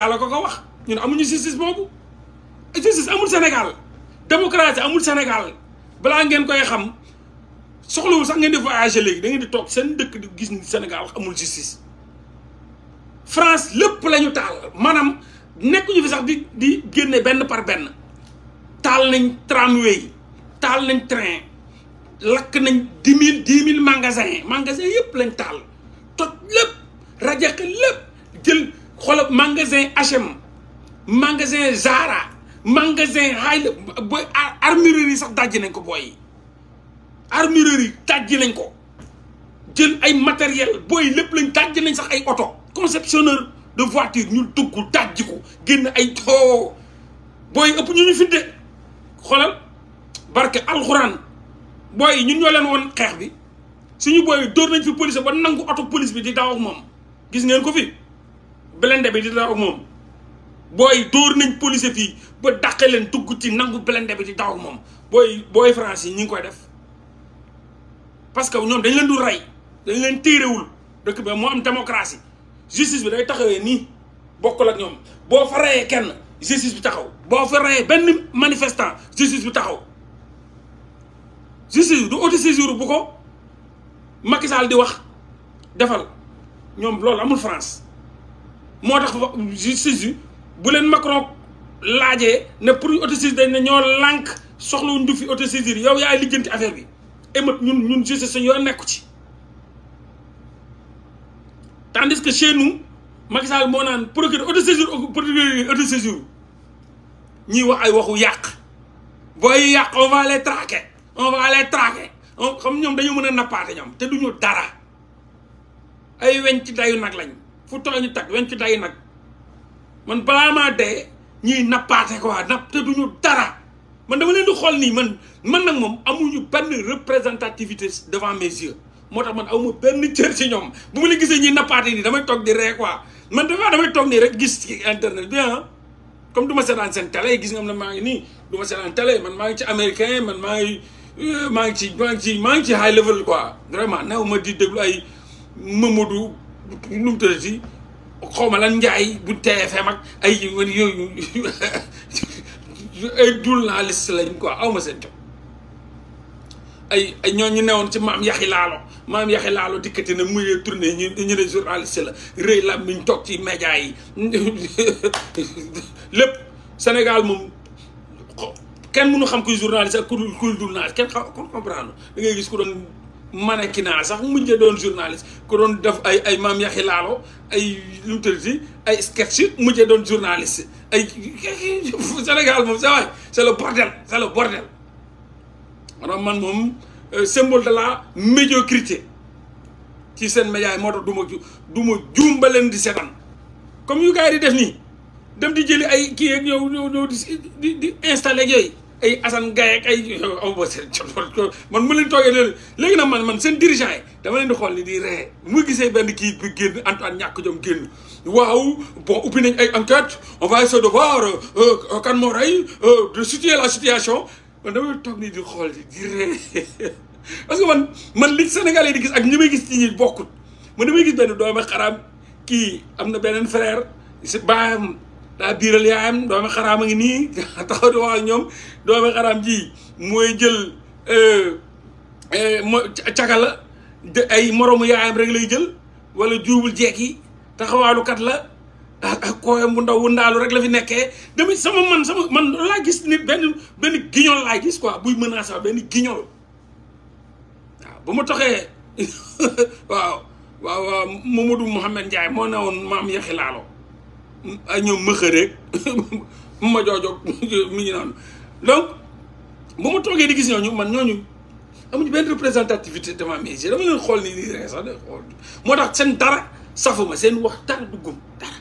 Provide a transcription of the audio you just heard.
yàlla ko ko wax ñun amuñu justice boobu justice amul Sénégal démocratie amul Sénégal balaa ngeen koy xam soxlawul sax ngeen di voyager léegi da di toog seen dëkk di gis ni Sénégal amul justice France lépp lañu ñu taal maanaam nekkuñu fi sax di di génne benn par benn taal nañ tramway taal nañ train lakk nañ dix mille dix mille magasin magasin yëpp lañ taal toj lépp rajaxe lépp jël xoolal magasin HM magasin Zara magasin Hayla booy armurerie yi sax dajji nañ ko booy yi armurerie yi dajji nañ ko jël ay matériel booy lépp lañ dajji nañ sax ay oto conceptionneur de voiture ñu dugg dajji ko génn ay too booy ëpp ñu ñu fidde xoolal barke alxuraan booy yi ñun ñoo leen woon xeex bi suñu booy yi dóor nañ fi police ba nangu oto police bi di daw ak moom gis ngeen ko fi blende bi di daw ak moom booy dóor nañ police fii ba dàqe leen dugg ci nangu blende bi di daw moom booy booy France yi ñu ngi koy def parce que ñoom dañu leen dul rey dañ leen téerewul dëkk bi moo am démocratie justice bi day taxawee nii bokkul ak ñoom boo fa reyee kenn justice bi taxaw boo fa reyee benn manifestant justice bi taxaw justice bi du auto-saisir bu ko Macky Sall di wax defal ñoom loolu amul France moo tax justice bi bu leen Macron laajee ne pour ñu autosaisir dañ ne ñoo lànk soxlawuñ du fi autosaisir yow yaay lijjanti affaire bi émeute ñun ñun justice suñu yoon nekku ci tandis que chez nous Macky Sall moo naan procureur autosaisir procureur autosaisir ñuy wax ay waxu yàq booy yàq on va les traquer on va les traquer xam ñoom dañoo mën a nappaate ñoom te duñu dara ay weñ ci dayu nag lañ fu tooy ñu tag weñ ci day nag man balaa maa dee ñiy nappaate quoi napp te duñu dara man dama leen di xool nii man man nag moom amuñu benn représentativité devant mes moo tax man awma benn cër ci ñoom bu ma la gisee ñuy nappaate nii damay toog di ree quoi man dafa damay toog nii rek gis ci internet bi ah comme du ma seetaan seen télé gis nga am na maa ngi nii du ma seetaan télé man maa ngi ci américain man maa ngi euh, maa ngi ci maa ngi maa ngi ci high level quoi vraiment new ma di déglu ay Mamadou nu mu tëddee si xaw ma lan njaay bu TFM mag ay yooyu ay journaliste lañ quoi aw ma seen jot ay ay ñooñu newoon ci maam yaxi laalo maam yaxi laalo dikkati na muy tournée ñu ñu ne journaliste la rëy la miñ toog ci média yi lépp Sénégal moom kenn mënu xam kuy journaliste ak ku dul kuy journaliste kenn xam comprendre da ngay gis ku doon. mannequinat sax mujje doon journaliste ku doon def ay ay maam yaxi laalo ay lu mu ay sketch mujj doon journaliste ay Sénégal moom sa waay c'est le bordel c'est le moom euh, symbole de médiocrité ci seen média yi moo tax du ma du di seetaan comme yu gars yi di def nii dem di jëli ay kii yeeg ñëw ñëw ñëw di di installé ak ay Assane Gaye ak ay oh, oh, man mu leen toogee léegi léegi nag man man seen dirigeant yi dama leen di xool ni di ree bu ma gisee benn kii bi génn Antoine ñàkk jom génn waaw bon ubbi nañ ay enquête on va essayer de voir euh, euh, kan moo rey euh, de situer la situation man dama toog nii di xool di ree parce que man man li Sénégalais di gis ak ñi may gis ci ñi bokkut man damay gis benn doomu xaraam kii am na beneen frère si daa biiral yaayam doomi xaraam a ngi nii taxaw di wax ak ñoom doomi xaraam ji mooy jël euh, euh, mo cagala ay moromu yaayam rek lay jël wala juubul jekki yi kat la ak kooyam bu ndaw wu ndaalu rek la fi nekkee dama sama man sama man laa gis nit benn benn guignol gis quoi buy menacé waaw benn guignol waaw ba mu taxee waaw waaw waaw Mamadou Mouhamed Ndiaye moo ne woon maam yaxi laalo ay ñoom mëxa rek ma joojoog mi ngi naan donc bu ma toogee di gis ñooñu man ñooñu amuñu benn représentativité devant mes yeux dama leen xool nii nii rek sax xool moo tax seen dara safuma seen wax dara duggum dara